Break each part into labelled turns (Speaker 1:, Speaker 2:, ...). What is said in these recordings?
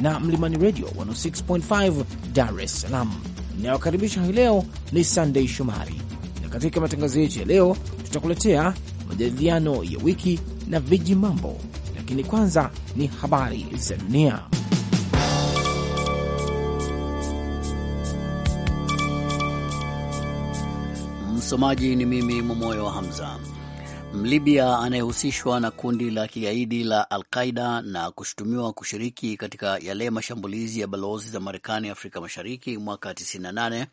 Speaker 1: na Mlimani Radio 106.5 Dar es Salaam. Inayokaribisha hii leo ni Sandei Shomari, na katika matangazo yetu ya leo tutakuletea majadiliano ya wiki na viji mambo, lakini kwanza ni habari za dunia.
Speaker 2: Msomaji ni mimi Momoyo Hamza. Mlibia anayehusishwa na kundi la kigaidi la Al-Qaida na kushutumiwa kushiriki katika yale mashambulizi ya balozi za Marekani Afrika Mashariki mwaka 98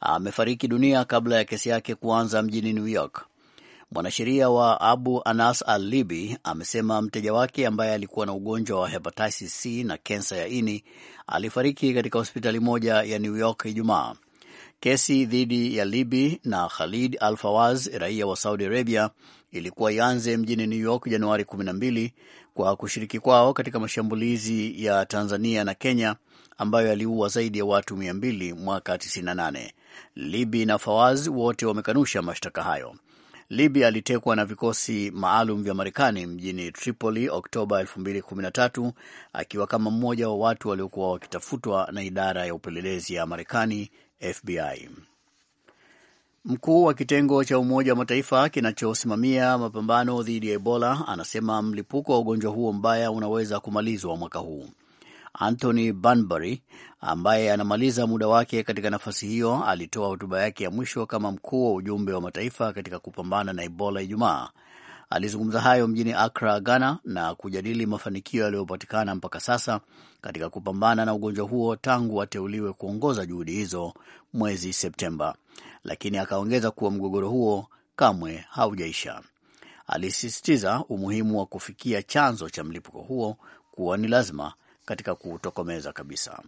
Speaker 2: amefariki dunia kabla ya kesi yake kuanza mjini New York. Mwanasheria wa Abu Anas al-Libi amesema mteja wake ambaye alikuwa na ugonjwa wa hepatitis C na kensa ya ini alifariki katika hospitali moja ya New York Ijumaa. Kesi dhidi ya Libi na Khalid al-Fawaz, raia wa Saudi Arabia, ilikuwa ianze mjini New York Januari 12 kwa kushiriki kwao katika mashambulizi ya Tanzania na Kenya ambayo yaliua zaidi ya watu 200 mwaka 98. Libi na Fawaz wote wamekanusha mashtaka hayo. Libi alitekwa na vikosi maalum vya Marekani mjini Tripoli Oktoba 2013 akiwa kama mmoja wa watu waliokuwa wakitafutwa na idara ya upelelezi ya Marekani FBI. Mkuu wa kitengo cha Umoja wa Mataifa kinachosimamia mapambano dhidi ya Ebola anasema mlipuko wa ugonjwa huo mbaya unaweza kumalizwa mwaka huu. Anthony Banbury ambaye anamaliza muda wake katika nafasi hiyo alitoa hotuba yake ya mwisho kama mkuu wa ujumbe wa mataifa katika kupambana na Ebola Ijumaa. Alizungumza hayo mjini Accra, Ghana, na kujadili mafanikio yaliyopatikana mpaka sasa katika kupambana na ugonjwa huo tangu ateuliwe kuongoza juhudi hizo mwezi Septemba lakini akaongeza kuwa mgogoro huo kamwe haujaisha. Alisisitiza umuhimu wa kufikia chanzo cha mlipuko huo kuwa ni lazima katika kuutokomeza kabisa.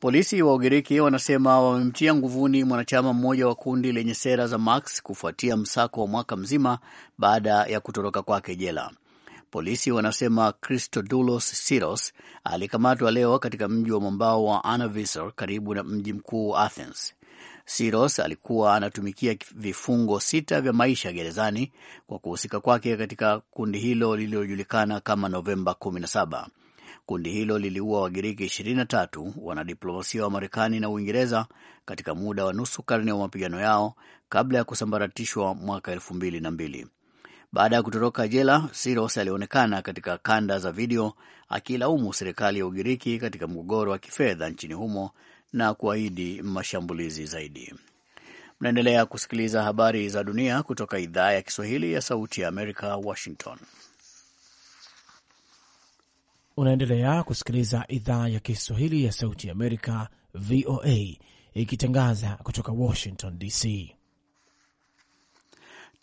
Speaker 2: Polisi wa Ugiriki wanasema wamemtia nguvuni mwanachama mmoja wa kundi lenye sera za Marx kufuatia msako wa mwaka mzima baada ya kutoroka kwake jela. Polisi wanasema Christodoulos Siros alikamatwa leo katika mji wa mwambao wa Anavisor karibu na mji mkuu Athens. Siros alikuwa anatumikia vifungo sita vya maisha gerezani kwa kuhusika kwake katika kundi hilo lililojulikana kama Novemba 17. Kundi hilo liliua Wagiriki 23, wanadiplomasia wa Marekani na Uingereza katika muda wa nusu karne wa mapigano yao kabla ya kusambaratishwa mwaka 2002. Baada ya kutoroka jela, Siros alionekana katika kanda za video akilaumu serikali ya Ugiriki katika mgogoro wa kifedha nchini humo na kuahidi mashambulizi zaidi. Mnaendelea kusikiliza habari za dunia kutoka idhaa ya Kiswahili ya Sauti ya Amerika, Washington.
Speaker 1: Unaendelea kusikiliza idhaa ya Kiswahili ya Sauti ya Amerika, VOA, ikitangaza kutoka Washington DC.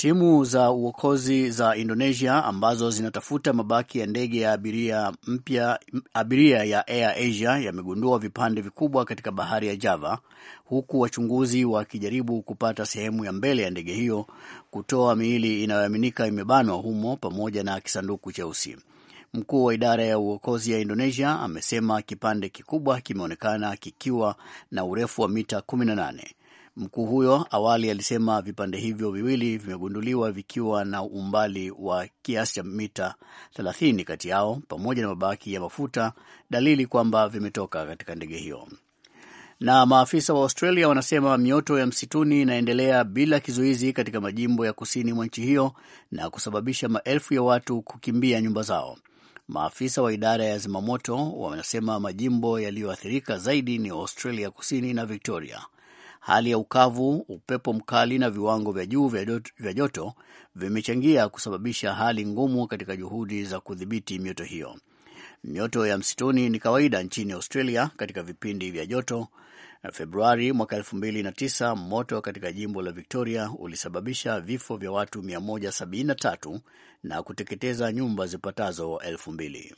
Speaker 2: Timu za uokozi za Indonesia ambazo zinatafuta mabaki ya ndege ya abiria mpya abiria ya Air Asia yamegundua vipande vikubwa katika bahari ya Java, huku wachunguzi wakijaribu kupata sehemu ya mbele ya ndege hiyo kutoa miili inayoaminika imebanwa humo pamoja na kisanduku cheusi. Mkuu wa idara ya uokozi ya Indonesia amesema kipande kikubwa kimeonekana kikiwa na urefu wa mita nane Mkuu huyo awali alisema vipande hivyo viwili vimegunduliwa vikiwa na umbali wa kiasi cha mita 30 kati yao, pamoja na mabaki ya mafuta, dalili kwamba vimetoka katika ndege hiyo. Na maafisa wa Australia wanasema mioto ya msituni inaendelea bila kizuizi katika majimbo ya kusini mwa nchi hiyo na kusababisha maelfu ya watu kukimbia nyumba zao. Maafisa wa idara ya zimamoto wanasema majimbo yaliyoathirika zaidi ni Australia kusini na Victoria. Hali ya ukavu, upepo mkali na viwango vya juu vya joto vimechangia kusababisha hali ngumu katika juhudi za kudhibiti mioto hiyo. Mioto ya msituni ni kawaida nchini Australia katika vipindi vya joto. Na Februari mwaka tisa, moto katika jimbo la Victoria ulisababisha vifo vya watu 173 na kuteketeza nyumba zipatazo elfu mbili.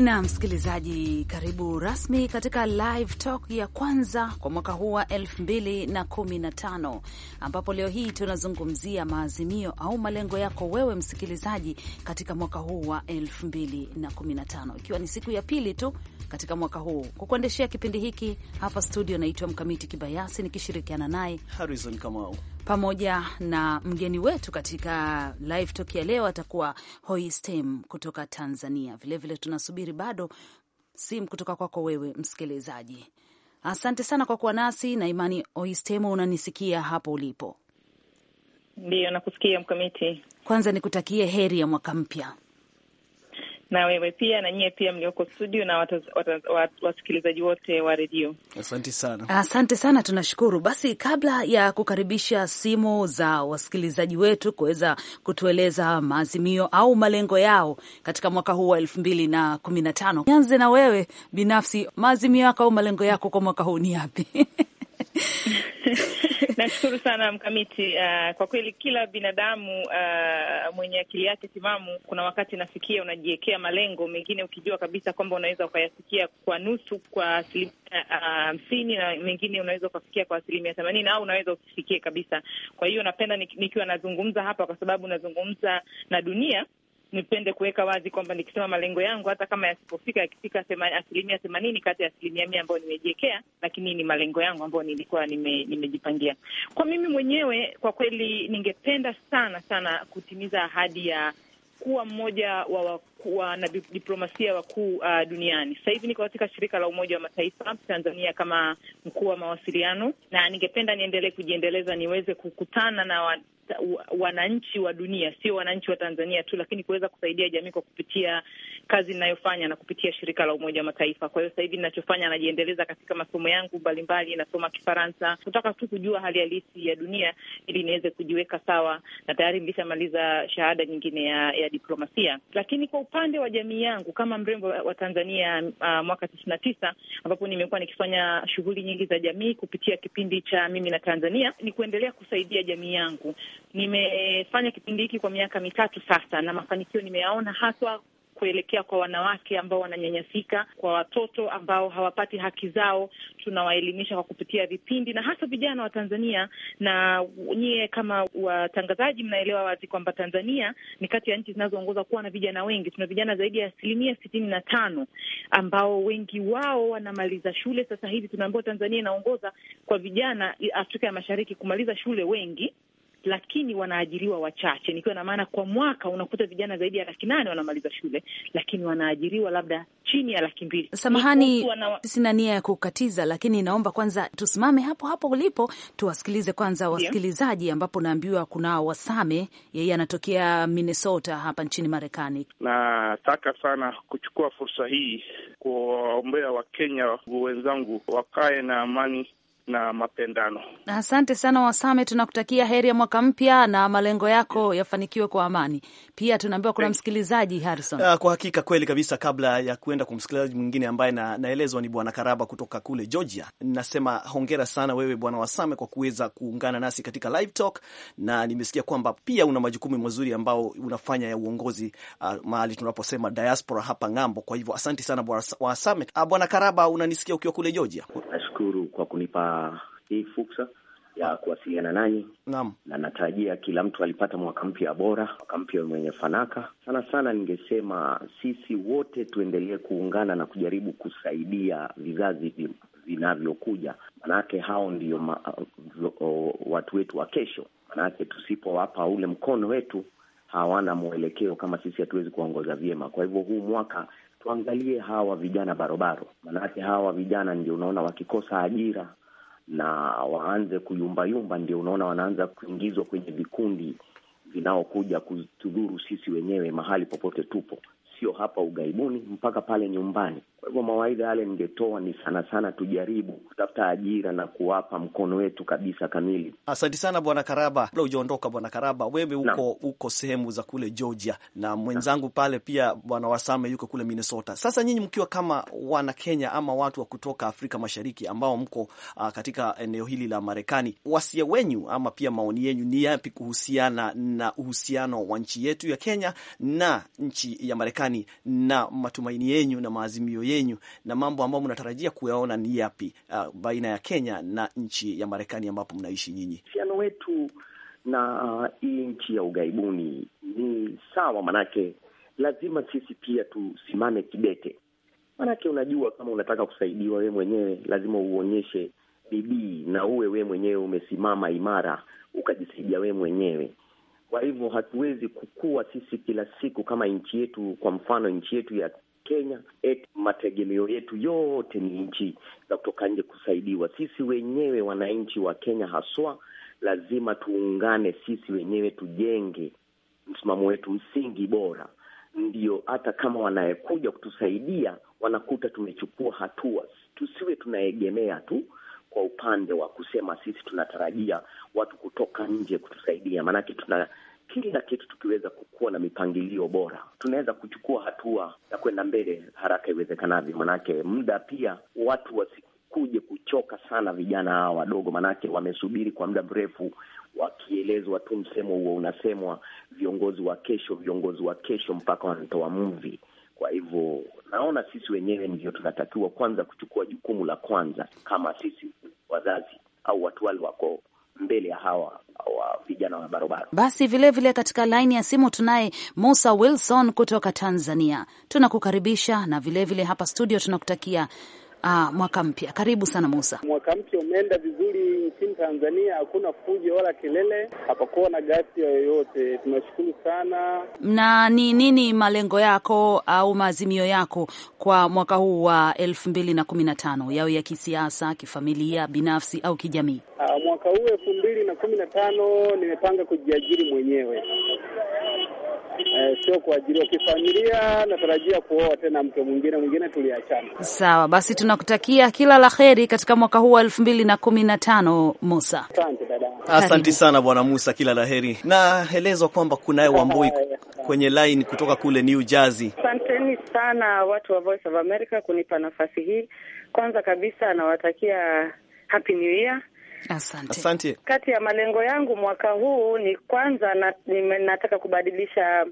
Speaker 3: na msikilizaji, karibu rasmi katika live talk ya kwanza kwa mwaka huu wa 2015 ambapo leo hii tunazungumzia maazimio au malengo yako wewe msikilizaji katika mwaka huu wa 2015 ikiwa ni siku ya pili tu katika mwaka huu. Kwa kuendeshea kipindi hiki hapa studio, naitwa Mkamiti Kibayasi nikishirikiana naye
Speaker 4: Harrison Kamau
Speaker 3: pamoja na mgeni wetu katika live talk ya leo atakuwa Hoistem kutoka Tanzania. Vilevile tunasubiri tunasubiri bado simu kutoka kwako wewe msikilizaji. Asante sana kwa kuwa nasi na Imani Oistemo, unanisikia hapo ulipo?
Speaker 5: Ndiyo, nakusikia Mkamiti.
Speaker 3: Kwanza nikutakie heri ya mwaka mpya
Speaker 5: na wewe pia na nyie pia mlioko studio na wasikilizaji wote wa redio, asante
Speaker 3: sana, asante sana, tunashukuru. Basi, kabla ya kukaribisha simu za wasikilizaji wetu kuweza kutueleza maazimio au malengo yao katika mwaka huu wa elfu mbili na kumi na tano nianze na wewe binafsi, maazimio yako au malengo yako kwa mwaka huu ni yapi?
Speaker 5: Nashukuru sana Mkamiti. Uh, kwa kweli kila binadamu uh, mwenye akili yake timamu, kuna wakati nafikia, unajiwekea malengo mengine ukijua kabisa kwamba unaweza ukayafikia kwa nusu, kwa asilimia ah, hamsini uh, na mengine unaweza ukafikia kwa asilimia themanini au unaweza usifikie kabisa. Kwa hiyo napenda nikiwa nazungumza hapa, kwa sababu nazungumza na dunia nipende kuweka wazi kwamba nikisema malengo yangu, hata kama yasipofika, yakifika asilimia themanini kati ya asilimia mia ambayo nimejiwekea, lakini ni malengo yangu ambayo nilikuwa nime, nimejipangia. Kwa mimi mwenyewe, kwa kweli, ningependa sana sana kutimiza ahadi ya kuwa mmoja wa wanadiplomasia wakuu uh, duniani. Sasa hivi niko katika shirika la Umoja wa Mataifa Tanzania kama mkuu wa mawasiliano, na ningependa niendelee kujiendeleza niweze kukutana na wa wananchi wa dunia, sio wananchi wa Tanzania tu, lakini kuweza kusaidia jamii kwa kupitia kazi ninayofanya na kupitia shirika la Umoja wa Mataifa. Kwa hiyo sasa hivi ninachofanya, najiendeleza katika masomo yangu mbalimbali, nasoma Kifaransa kutaka tu kujua hali halisi ya dunia ili niweze kujiweka sawa, na tayari nilishamaliza shahada nyingine ya, ya diplomasia. Lakini kwa upande wa jamii yangu kama mrembo wa Tanzania uh, mwaka tisini na tisa ambapo nimekuwa nikifanya shughuli nyingi za jamii kupitia kipindi cha mimi na Tanzania, ni kuendelea kusaidia jamii yangu. Nimefanya kipindi hiki kwa miaka mitatu sasa, na mafanikio nimeyaona haswa kuelekea kwa wanawake ambao wananyanyasika, kwa watoto ambao hawapati haki zao. Tunawaelimisha kwa kupitia vipindi na hasa vijana wa Tanzania, na nyie kama watangazaji mnaelewa wazi kwamba Tanzania ni kati ya nchi zinazoongoza kuwa na vijana wengi. Tuna vijana zaidi ya asilimia sitini na tano ambao wengi wao wanamaliza shule. Sasa hivi tunaambiwa Tanzania inaongoza kwa vijana Afrika ya Mashariki kumaliza shule wengi lakini wanaajiriwa wachache, nikiwa na maana kwa mwaka unakuta vijana zaidi ya laki nane wanamaliza shule, lakini wanaajiriwa labda chini ya laki mbili. Samahani,
Speaker 3: wana... sina nia ya kukatiza, lakini naomba kwanza tusimame hapo hapo ulipo, tuwasikilize kwanza wasikilizaji yeah, ambapo naambiwa kuna Wasame, yeye anatokea Minnesota hapa nchini Marekani.
Speaker 6: Nataka sana kuchukua fursa hii kuwaombea Wakenya wenzangu wakae na
Speaker 4: amani na mapendano.
Speaker 3: Asante sana Wasame, tunakutakia heri ya mwaka mpya na malengo yako yafanikiwe kwa amani. Pia tunaambiwa kuna msikilizaji Harrison. Ah,
Speaker 4: kwa hakika kweli kabisa. Kabla ya kuenda msikilizaji mwingine ambaye na, naelezwa ni Bwana Karaba kutoka kule Georgia, nasema hongera sana wewe Bwana Wasame kwa kuweza kuungana nasi katika live talk, na nimesikia kwamba pia una majukumu mazuri ambao unafanya ya uongozi uh, mahali tunaposema diaspora hapa ng'ambo. Kwa hivyo asante sana Bwana Wasame. Ah, Bwana Karaba, unanisikia ukiwa kule Georgia? Nashukuru
Speaker 6: kwa kunipa hii fursa ya ah. kuwasiliana nanyi. Naam, na natarajia kila mtu alipata mwaka mpya bora, mwaka mpya mwenye fanaka. Sana sana ningesema sisi wote tuendelee kuungana na kujaribu kusaidia vizazi vinavyokuja, manake hao ndio ma, watu wetu wa kesho, manake tusipowapa ule mkono wetu hawana mwelekeo, kama sisi hatuwezi kuwaongoza vyema. Kwa hivyo huu mwaka tuangalie hawa vijana barobaro, manake hawa vijana ndio unaona wakikosa ajira na waanze kuyumbayumba, ndio unaona wanaanza kuingizwa kwenye vikundi vinaokuja kutudhuru sisi wenyewe mahali popote tupo, sio hapa ughaibuni, mpaka pale nyumbani. Kwa hivyo mawaidha yale ningetoa ni sana sana tujaribu kutafuta ajira na kuwapa mkono wetu kabisa kamili.
Speaker 4: Asante sana bwana Karaba. Kabla ujaondoka bwana Karaba, wewe uko uko sehemu za kule Georgia na mwenzangu na pale pia bwana Wasame yuko kule Minnesota. Sasa nyinyi mkiwa kama wana Kenya ama watu wa kutoka Afrika Mashariki ambao mko uh, katika eneo hili la Marekani, wasia wenyu ama pia maoni yenyu ni yapi kuhusiana na uhusiano wa nchi yetu ya Kenya na nchi ya Marekani na matumaini yenyu na maazimio yenyu na mambo ambayo mnatarajia kuyaona ni yapi, uh, baina ya Kenya na nchi ya Marekani ambapo mnaishi nyinyi?
Speaker 6: Uhusiano wetu na uh, hii uh, nchi ya ughaibuni ni sawa, manake lazima sisi pia tusimame kidete, manake unajua, kama unataka kusaidiwa wewe mwenyewe lazima uonyeshe bidii na uwe wewe mwenyewe umesimama imara, ukajisaidia wewe mwenyewe. Kwa hivyo hatuwezi kukua sisi kila siku kama nchi yetu, kwa mfano nchi yetu ya Kenya eti mategemeo yetu yote ni nchi za kutoka nje kusaidiwa. Sisi wenyewe wananchi wa Kenya haswa lazima tuungane sisi wenyewe, tujenge msimamo wetu msingi bora, ndio hata kama wanayekuja kutusaidia wanakuta tumechukua hatua. Tusiwe tunaegemea tu kwa upande wa kusema sisi tunatarajia watu kutoka nje kutusaidia, maanake tuna kila kitu tukiweza kukuwa na mipangilio bora, tunaweza kuchukua hatua ya kwenda mbele haraka iwezekanavyo, manake muda pia watu wasikuje kuchoka sana, vijana hawa wadogo, manake wamesubiri kwa muda mrefu wakielezwa tu, msemo huo unasemwa, viongozi wa kesho, viongozi wa kesho, mpaka wanatoa mvi. Kwa hivyo naona sisi wenyewe ndio tunatakiwa kwanza kuchukua jukumu la kwanza, kama sisi wazazi au watu wale wako mbele ya hawa wa vijana wa barobaro.
Speaker 3: Basi vilevile vile katika laini ya simu tunaye Musa Wilson kutoka Tanzania, tunakukaribisha na vilevile vile hapa studio tunakutakia aa, ah, mwaka mpya. Karibu sana Musa.
Speaker 7: Mwaka mpya umeenda vizuri nchini Tanzania, hakuna fujo wala kelele, hapakuwa na ghasia yoyote. Tunashukuru sana.
Speaker 3: Na ni nini malengo yako au maazimio yako kwa mwaka huu wa elfu mbili na kumi na tano, yawe ya kisiasa, kifamilia, binafsi au kijamii?
Speaker 7: Aa, ah, mwaka huu elfu mbili na kumi na tano nimepanga kujiajiri mwenyewe sio kuajiriwa kifamilia. Natarajia kuoa tena mke mwingine mwingine, tuliachana.
Speaker 3: Sawa basi, tunakutakia kila la heri katika mwaka huu wa elfu mbili na kumi na tano Musa. Asante dada,
Speaker 4: asante sana bwana Musa, kila la heri. Naelezwa kwamba kunaye Wamboi kwenye line kutoka kule New Jersey.
Speaker 3: Asanteni
Speaker 5: sana watu wa Voice of America kunipa nafasi hii. Kwanza kabisa nawatakia happy new year.
Speaker 4: Asante. Asante.
Speaker 5: Kati ya malengo yangu mwaka huu ni kwanza na, ni, nataka kubadilisha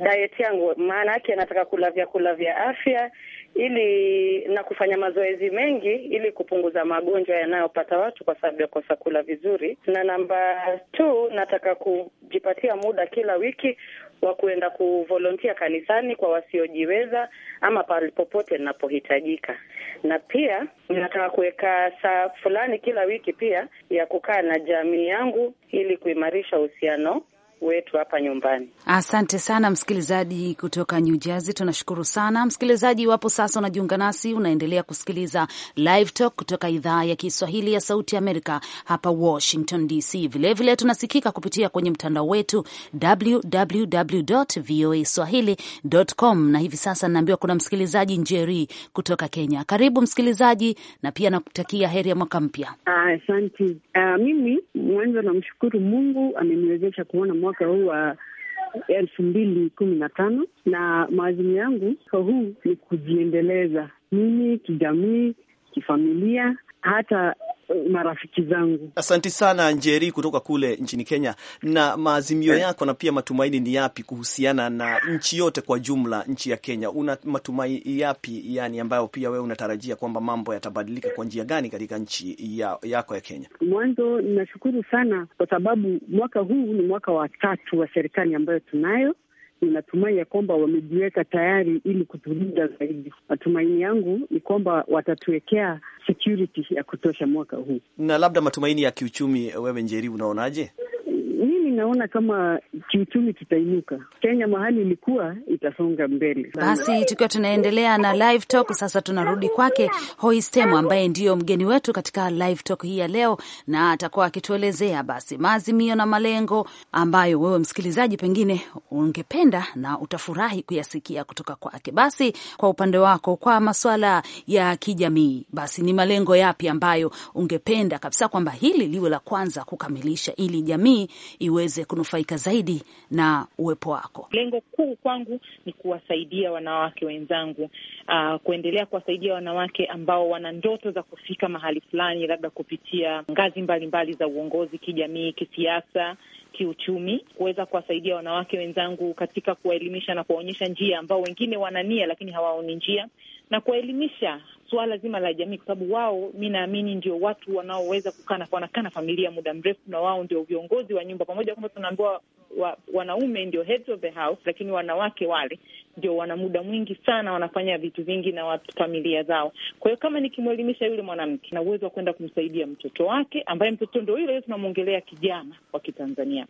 Speaker 5: diet yangu, maana yake nataka kula vyakula vya afya ili na kufanya mazoezi mengi ili kupunguza magonjwa yanayopata watu kwa sababu ya kosa kula vizuri. Na namba two, nataka kujipatia muda kila wiki wa kuenda kuvolontia kanisani kwa wasiojiweza ama pale popote ninapohitajika, na pia ninataka kuweka saa fulani kila wiki pia ya kukaa na jamii yangu ili kuimarisha uhusiano wetu hapa nyumbani.
Speaker 3: Asante sana msikilizaji kutoka New Jersey, tunashukuru sana msikilizaji. Iwapo sasa unajiunga nasi, unaendelea kusikiliza Live Talk kutoka idhaa ya Kiswahili ya Sauti Amerika hapa Washington DC. Vilevile vile tunasikika kupitia kwenye mtandao wetu www voa swahili.com, na hivi sasa naambiwa kuna msikilizaji Njeri kutoka Kenya. Karibu msikilizaji, na pia nakutakia heri ya mwaka mpya.
Speaker 6: Asante. Uh, mimi mwanzo namshukuru Mungu ameniwezesha kuona mwaka huu wa elfu mbili kumi na tano na maazimu yangu kwa huu ni kujiendeleza mimi kijamii, kifamilia, hata Eh, marafiki
Speaker 4: zangu. Asanti sana Njeri kutoka kule nchini Kenya. Na maazimio eh. yako na pia matumaini ni yapi kuhusiana na nchi yote kwa jumla, nchi ya Kenya? Una matumaini yapi, yani ambayo pia wewe unatarajia kwamba mambo yatabadilika kwa njia gani katika nchi ya, yako ya Kenya?
Speaker 6: Mwanzo ninashukuru sana kwa sababu mwaka huu ni mwaka wa tatu wa serikali ambayo tunayo ninatumai ya kwamba wamejiweka tayari ili kutulinda zaidi. Matumaini yangu ni kwamba watatuwekea security ya kutosha
Speaker 4: mwaka huu, na labda matumaini ya kiuchumi. Wewe Njeri, unaonaje?
Speaker 6: naona kama kiuchumi kitainuka Kenya, mahali ilikuwa itasonga mbele. Basi tukiwa
Speaker 3: tunaendelea na live talk, sasa tunarudi kwake Hoistemo ambaye ndiyo mgeni wetu katika live talk hii ya leo, na atakuwa akituelezea basi maazimio na malengo ambayo wewe msikilizaji pengine ungependa na utafurahi kuyasikia kutoka kwake. Basi kwa upande wako, kwa masuala ya kijamii, basi ni malengo yapi ambayo ungependa kabisa kwamba hili liwe la kwanza kukamilisha ili jamii iweze waweze kunufaika zaidi na uwepo wako?
Speaker 5: Lengo kuu kwangu ni kuwasaidia wanawake wenzangu, uh, kuendelea kuwasaidia wanawake ambao wana ndoto za kufika mahali fulani, labda kupitia ngazi mbalimbali mbali za uongozi, kijamii, kisiasa kiuchumi kuweza kuwasaidia wanawake wenzangu katika kuwaelimisha na kuwaonyesha njia ambao wengine wanania lakini hawaoni njia na kuwaelimisha suala zima la jamii, kwa sababu wao, mi naamini ndio watu wanaoweza kukaa wanakaa na familia muda mrefu, na wao ndio viongozi wa nyumba, pamoja kwamba tunaambiwa wa, wanaume ndio heads of the house, lakini wanawake wale ndio wana muda mwingi sana, wanafanya vitu vingi na watu familia zao. Kwa hiyo kama nikimwelimisha yule mwanamke na uwezo wa kwenda kumsaidia mtoto wake, ambaye mtoto ndo yule tunamwongelea kijana wa Kitanzania,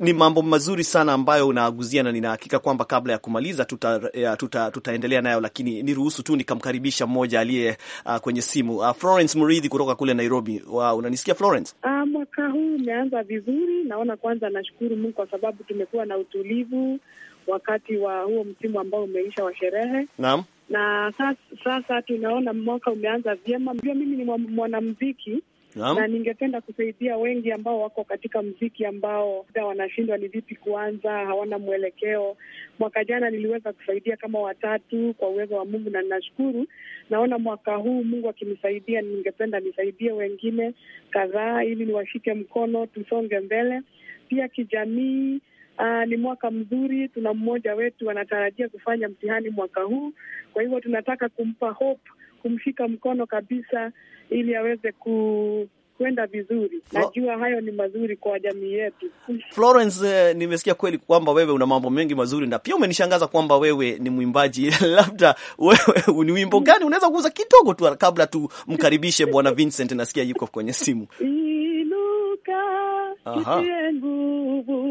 Speaker 4: ni mambo mazuri sana ambayo unaaguzia, na nina hakika kwamba kabla ya kumaliza tutaendelea tuta, tuta nayo, lakini niruhusu tu nikamkaribisha mmoja aliye uh, kwenye simu uh, Florence Muridhi kutoka kule Nairobi. Wow, unanisikia Florence?
Speaker 5: Uh, mwaka huu umeanza vizuri, naona kwanza nashukuru Mungu kwa sababu tumekuwa na utulivu wakati wa huo msimu ambao umeisha wa sherehe. Naam, na sasa, sasa tunaona mwaka umeanza vyema. Mjua mimi ni mwanamziki Naam. Na ningependa kusaidia wengi ambao wako katika mziki ambao da wanashindwa ni vipi kuanza, hawana mwelekeo. Mwaka jana niliweza kusaidia kama watatu kwa uwezo wa Mungu na ninashukuru. Naona mwaka huu Mungu akinisaidia, ningependa nisaidie wengine kadhaa ili niwashike mkono, tusonge mbele. Pia kijamii Uh, ni mwaka mzuri. Tuna mmoja wetu anatarajia kufanya mtihani mwaka huu, kwa hivyo tunataka kumpa hope, kumshika mkono kabisa, ili aweze
Speaker 6: ku kwenda vizuri. Najua hayo ni mazuri kwa jamii yetu.
Speaker 4: Florence, eh, nimesikia kweli kwamba wewe una mambo mengi mazuri na pia umenishangaza kwamba wewe ni mwimbaji labda wewe ni wimbo gani unaweza kuuza kidogo tu kabla tumkaribishe Bwana Vincent, nasikia yuko kwenye simu Inuka,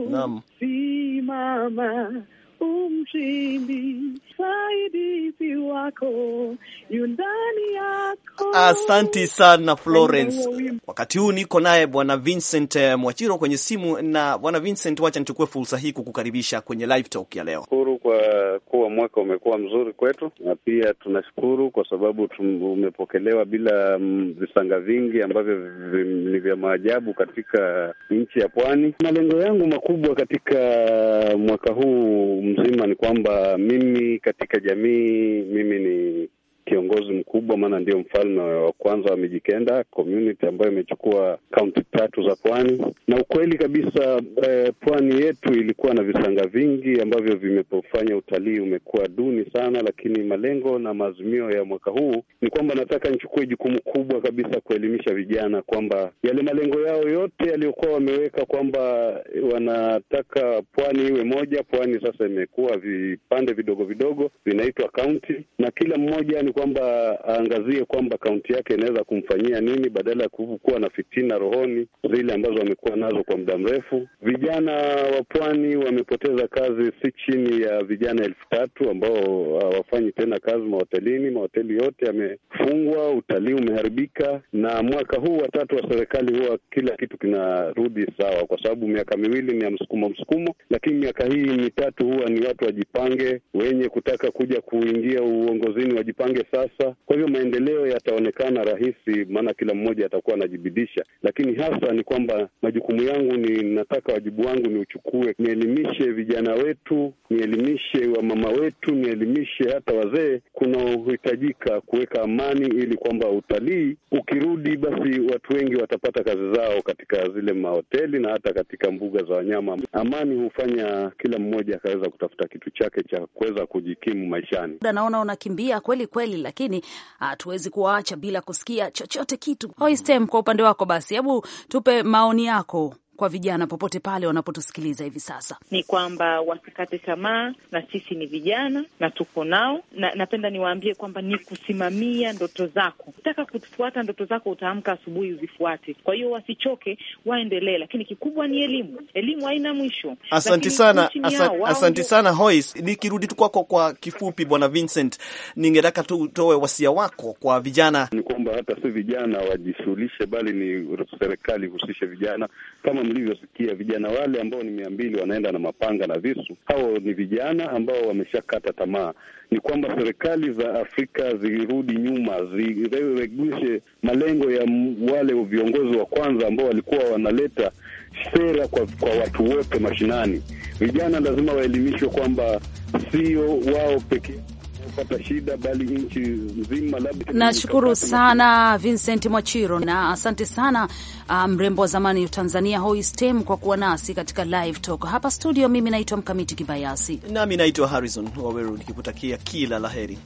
Speaker 5: Naam. Mama. mshindi, msaidizi wako yu ndani yako.
Speaker 4: Asanti sana Florence. Wakati huu niko naye Bwana Vincent eh, Mwachiro kwenye simu. Na Bwana Vincent, wacha nichukue fursa hii kukukaribisha kwenye live talk ya leo.
Speaker 7: Shukuru kwa kuwa mwaka umekuwa mzuri kwetu, na pia tunashukuru kwa sababu umepokelewa bila mm, visanga vingi ambavyo ni vya maajabu katika nchi ya Pwani. Malengo yangu makubwa katika mwaka huu mzima ni kwamba mimi katika jamii, mimi ni kiongozi mkubwa, maana ndio mfalme wa kwanza wa Mijikenda community ambayo imechukua kaunti tatu za pwani. Na ukweli kabisa eh, pwani yetu ilikuwa na visanga vingi ambavyo vimepofanya utalii umekuwa duni sana, lakini malengo na maazimio ya mwaka huu ni kwamba nataka nichukue jukumu kubwa kabisa kuelimisha vijana kwamba yale malengo yao yote yaliyokuwa wameweka kwamba wanataka pwani iwe moja, pwani sasa imekuwa vipande vidogo vidogo vinaitwa kaunti, na kila mmoja ni kwamba aangazie kwamba kaunti yake inaweza kumfanyia nini, badala ya kuwa na fitina rohoni zile ambazo wamekuwa nazo kwa muda mrefu. Vijana wa pwani wamepoteza kazi si chini ya vijana elfu tatu ambao hawafanyi tena kazi mahotelini. Mahoteli yote yamefungwa, utalii umeharibika, na mwaka huu watatu wa serikali huwa kila kitu kinarudi sawa, kwa sababu miaka miwili ni ya msukumo msukumo, lakini miaka hii mitatu huwa ni watu wajipange, wenye kutaka kuja kuingia uongozini wajipange bunge sasa. Kwa hivyo maendeleo yataonekana rahisi, maana kila mmoja atakuwa anajibidisha, lakini hasa ni kwamba majukumu yangu ni nataka wajibu wangu ni uchukue, nielimishe vijana wetu, nielimishe wamama wetu, nielimishe hata wazee. kunaohitajika kuweka amani ili kwamba utalii ukirudi, basi watu wengi watapata kazi zao katika zile mahoteli na hata katika mbuga za wanyama. Amani hufanya kila mmoja akaweza kutafuta kitu chake cha kuweza kujikimu maishani.
Speaker 3: Naona unakimbia kweli kweli kweli, lakini hatuwezi kuwaacha bila kusikia chochote kitu. Oistem, kwa upande wako basi, hebu tupe maoni yako kwa vijana popote pale wanapotusikiliza hivi sasa?
Speaker 5: Ni kwamba wasikate tamaa, na sisi ni vijana na tuko nao, na napenda niwaambie kwamba ni kusimamia ndoto zako. Ukitaka kufuata ndoto zako, utaamka asubuhi uzifuate. Kwa hiyo wasichoke, waendelee, lakini kikubwa ni elimu. Elimu haina mwisho. Asanti sana, asanti, asanti
Speaker 4: sana Hois. Nikirudi tu kwako kwa kifupi, Bwana Vincent, ningetaka tu utoe wasia wako kwa vijana. Ni kwamba hata si vijana wajishughulishe,
Speaker 7: bali ni serikali ihusishe vijana kama mlivyosikia, vijana wale ambao ni mia mbili wanaenda na mapanga na visu, hao ni vijana ambao wameshakata tamaa. Ni kwamba serikali za Afrika zirudi nyuma, ziregushe malengo ya wale viongozi wa kwanza ambao walikuwa wanaleta sera kwa, kwa watu wote mashinani. Vijana lazima waelimishwe kwamba sio wao pekee kupata shida, bali nchi nzima. Labda nashukuru
Speaker 3: sana Vincent Mwachiro na asante sana ah, mrembo wa zamani Tanzania Hoistem kwa kuwa nasi katika live talk hapa studio. Mimi naitwa Mkamiti Kibayasi
Speaker 4: nami naitwa Harrison Waweru nikikutakia kila la heri.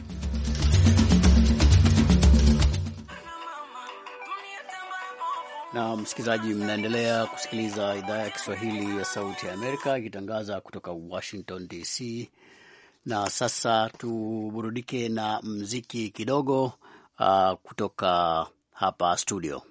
Speaker 2: na msikilizaji, mnaendelea kusikiliza idhaa ya Kiswahili ya Sauti ya Amerika ikitangaza kutoka Washington DC. Na sasa tuburudike na mziki kidogo uh, kutoka hapa studio.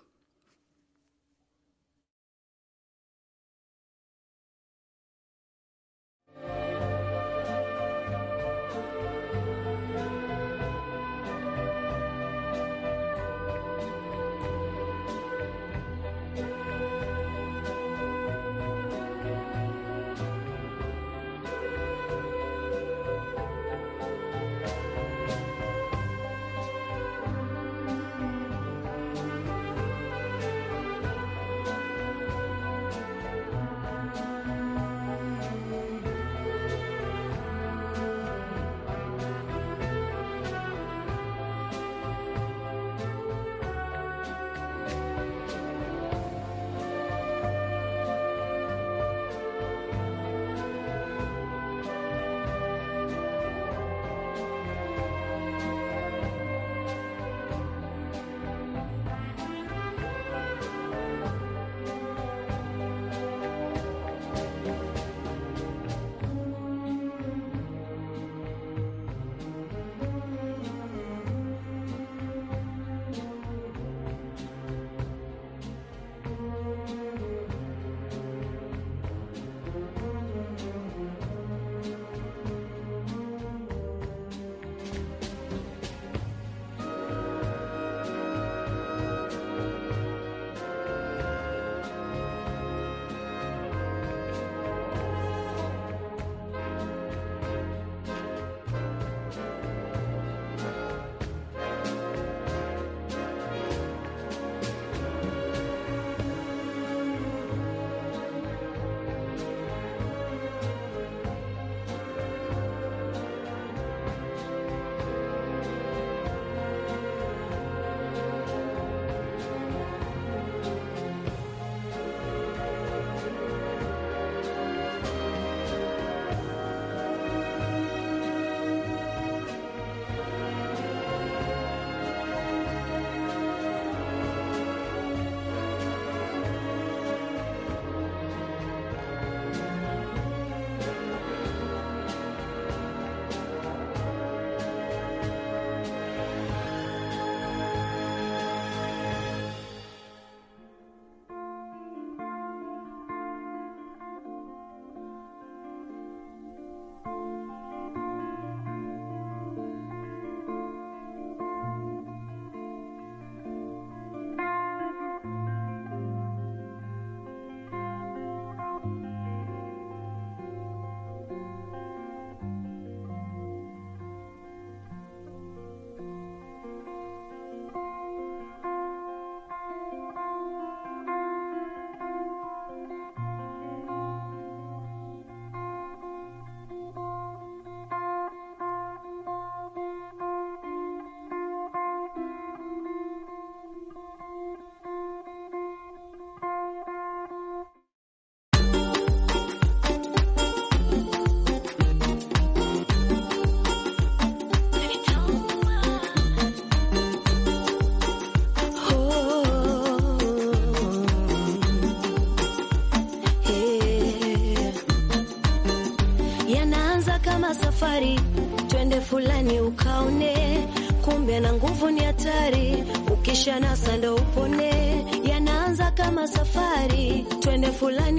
Speaker 8: maisha na sando upone, yanaanza kama safari, twende fulani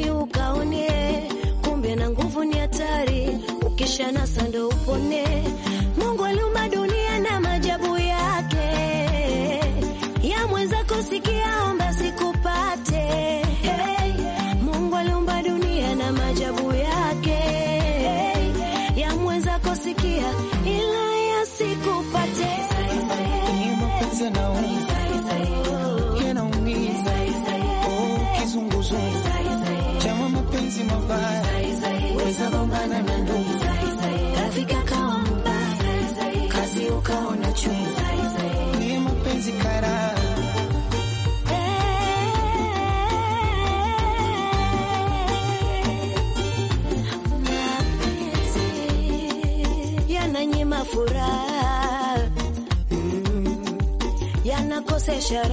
Speaker 8: Eh. yakose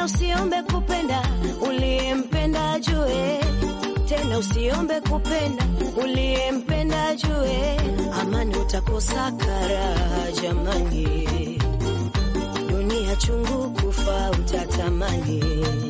Speaker 8: oh, usiombe kupenda uliyempenda ajue tena usiombe kupenda uliyempenda ajue, amani utakosa karaha jamani, dunia chungu kufa utatamani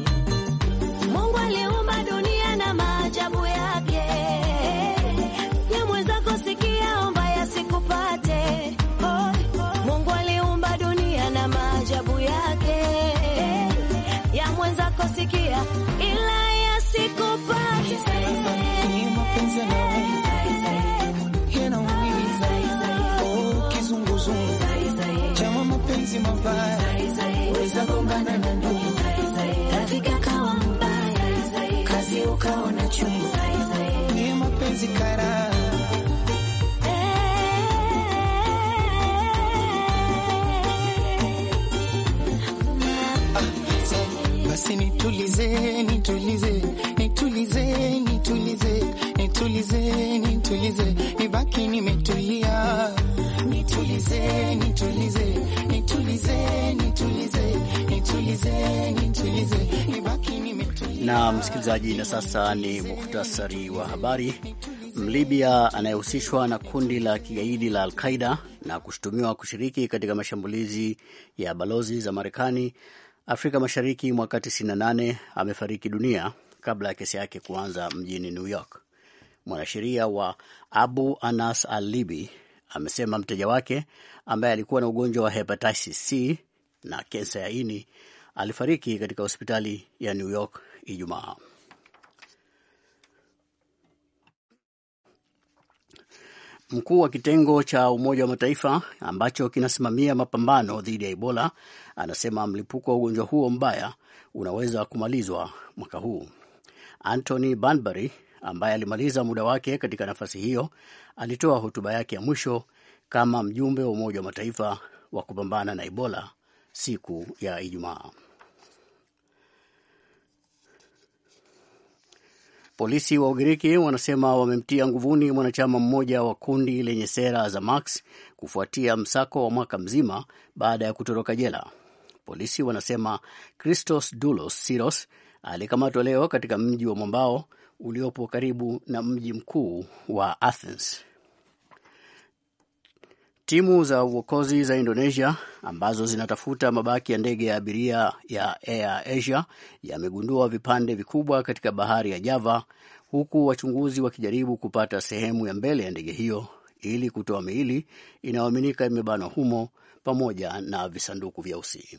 Speaker 2: msikilizaji. Na sasa ni muhtasari wa habari. Mlibia anayehusishwa na kundi la kigaidi la Alqaida na kushutumiwa kushiriki katika mashambulizi ya balozi za Marekani Afrika Mashariki mwaka 98 amefariki dunia kabla ya kesi yake kuanza mjini New York. Mwanasheria wa Abu Anas Al Libi amesema mteja wake ambaye alikuwa na ugonjwa wa hepatitis C na kensa ya ini alifariki katika hospitali ya New York Ijumaa. Mkuu wa kitengo cha Umoja wa Mataifa ambacho kinasimamia mapambano dhidi ya Ebola anasema mlipuko wa ugonjwa huo mbaya unaweza kumalizwa mwaka huu. Anthony Banbury ambaye alimaliza muda wake katika nafasi hiyo alitoa hotuba yake ya mwisho kama mjumbe wa Umoja wa Mataifa wa kupambana na Ebola siku ya Ijumaa. Polisi wa Ugiriki wanasema wamemtia nguvuni mwanachama mmoja wa kundi lenye sera za Marx kufuatia msako wa mwaka mzima baada ya kutoroka jela. Polisi wanasema Christos dulos Siros alikamatwa leo katika mji wa mwambao uliopo karibu na mji mkuu wa Athens. Timu za uokozi za Indonesia ambazo zinatafuta mabaki ya ndege ya abiria ya Air Asia yamegundua vipande vikubwa katika bahari ya Java, huku wachunguzi wakijaribu kupata sehemu ya mbele ya ndege hiyo ili kutoa miili inayoaminika imebanwa humo pamoja na visanduku vyeusi.